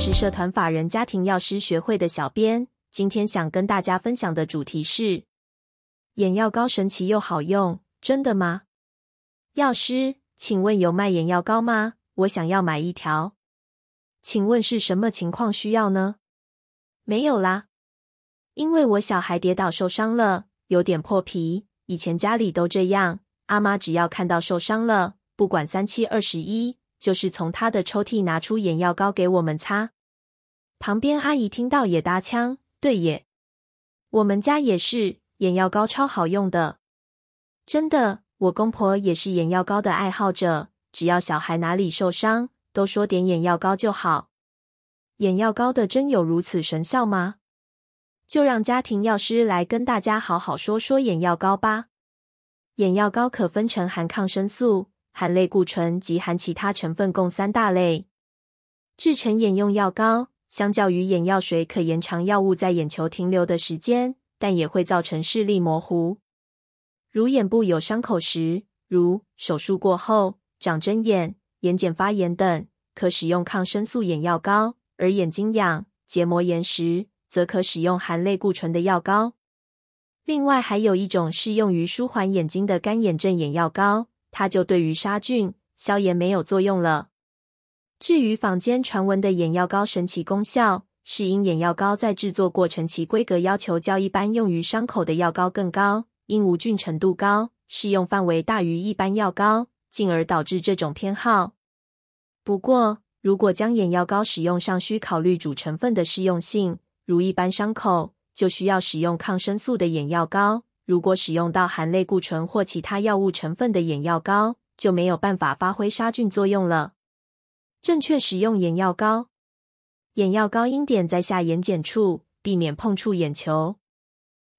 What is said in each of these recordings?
是社團法人家庭藥師學會的小編，今天想跟大家分享的主題是眼藥膏神奇又好用，真的嗎？藥師，請問有賣眼藥膏嗎？我想要買一條，請問是什麼情況需要呢？沒有啦，因為我小孩跌倒受傷了，有點破皮，以前家裡都這樣，阿媽只要看到受傷了，不管三七二十一。就是從他的抽屜拿出眼藥膏給我們擦。旁邊阿姨聽到也搭腔：“對耶，也我們家也是眼藥膏超好用的，真的。我公婆也是眼藥膏的愛好者，只要小孩哪裡受傷，都說點眼藥膏就好。眼藥膏的真有如此神效嗎？就讓家庭藥師來跟大家好好說說眼藥膏吧。眼藥膏可分成含抗生素。”含類固醇及含其他成分共三大類，製成眼用藥膏，相較於眼藥水，可延長藥物在眼球停留的時間，但也會造成視力模糊。如眼部有傷口時，如手術過後、長針眼、眼瞼發炎等，可使用抗生素眼藥膏；而眼睛癢、結膜炎時，則可使用含類固醇的藥膏。另外，還有一種適用於舒緩眼睛的乾眼症眼藥膏。它就對於殺菌、消炎沒有作用了。至於坊間傳聞的眼藥膏神奇功效，是因眼藥膏在製作過程其規格要求較一般用於傷口的藥膏更高，因無菌程度高，適用範圍大於一般藥膏，進而導致這種偏好。不過，如果將眼藥膏使用，尚需考慮主成分的適用性，如一般傷口就需要使用抗生素的眼藥膏。如果使用到含類固醇或其他藥物成分的眼藥膏，就沒有辦法發揮殺菌作用了。正確使用眼藥膏，眼藥膏應點在下眼瞼處，避免碰觸眼球。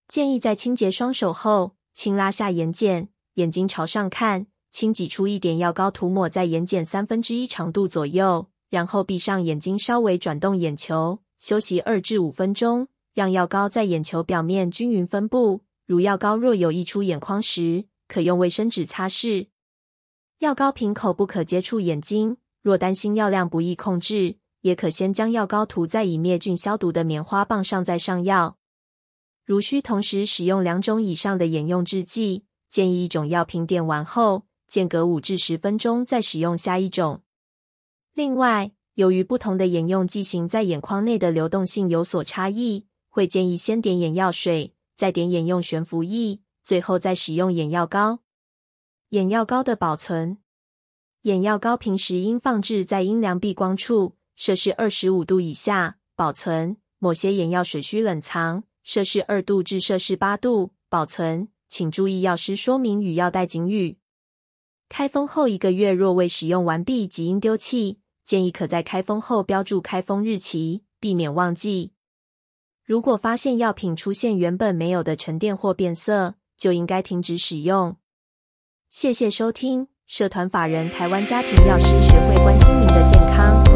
建議在清潔雙手後，輕拉下眼瞼，眼睛朝上看，輕擠出一點藥膏，塗抹在眼瞼三分之一長度左右，然後閉上眼睛，稍微轉動眼球，休息二至五分鐘，讓藥膏在眼球表面均勻分布。如藥膏若有溢出眼眶時，可用衛生紙擦拭。藥膏瓶口不可接觸眼睛，若擔心藥量不易控制，也可先將藥膏塗在已滅菌消毒的棉花棒上再上藥。如需同時使用兩種以上的眼用制劑，建議一種藥品點完後，間隔五至十分鐘再使用下一種。另外，由於不同的眼用劑型在眼眶內的流動性有所差異，會建議先點眼藥水。再點眼用懸浮液，最後再使用眼藥膏。眼藥膏的保存，眼藥膏平時應放置在陰涼避光處，攝氏二十五度以下保存。某些眼藥水需冷藏，攝氏二度至攝氏八度保存。請注意藥師說明與藥袋警語。開封後一個月若未使用完畢，即應丟棄。建議可在開封後標注開封日期，避免忘記。如果發現藥品出現原本沒有的沉澱或變色，就應該停止使用。謝謝收聽，社團法人台灣家庭藥師學會，關心您的健康。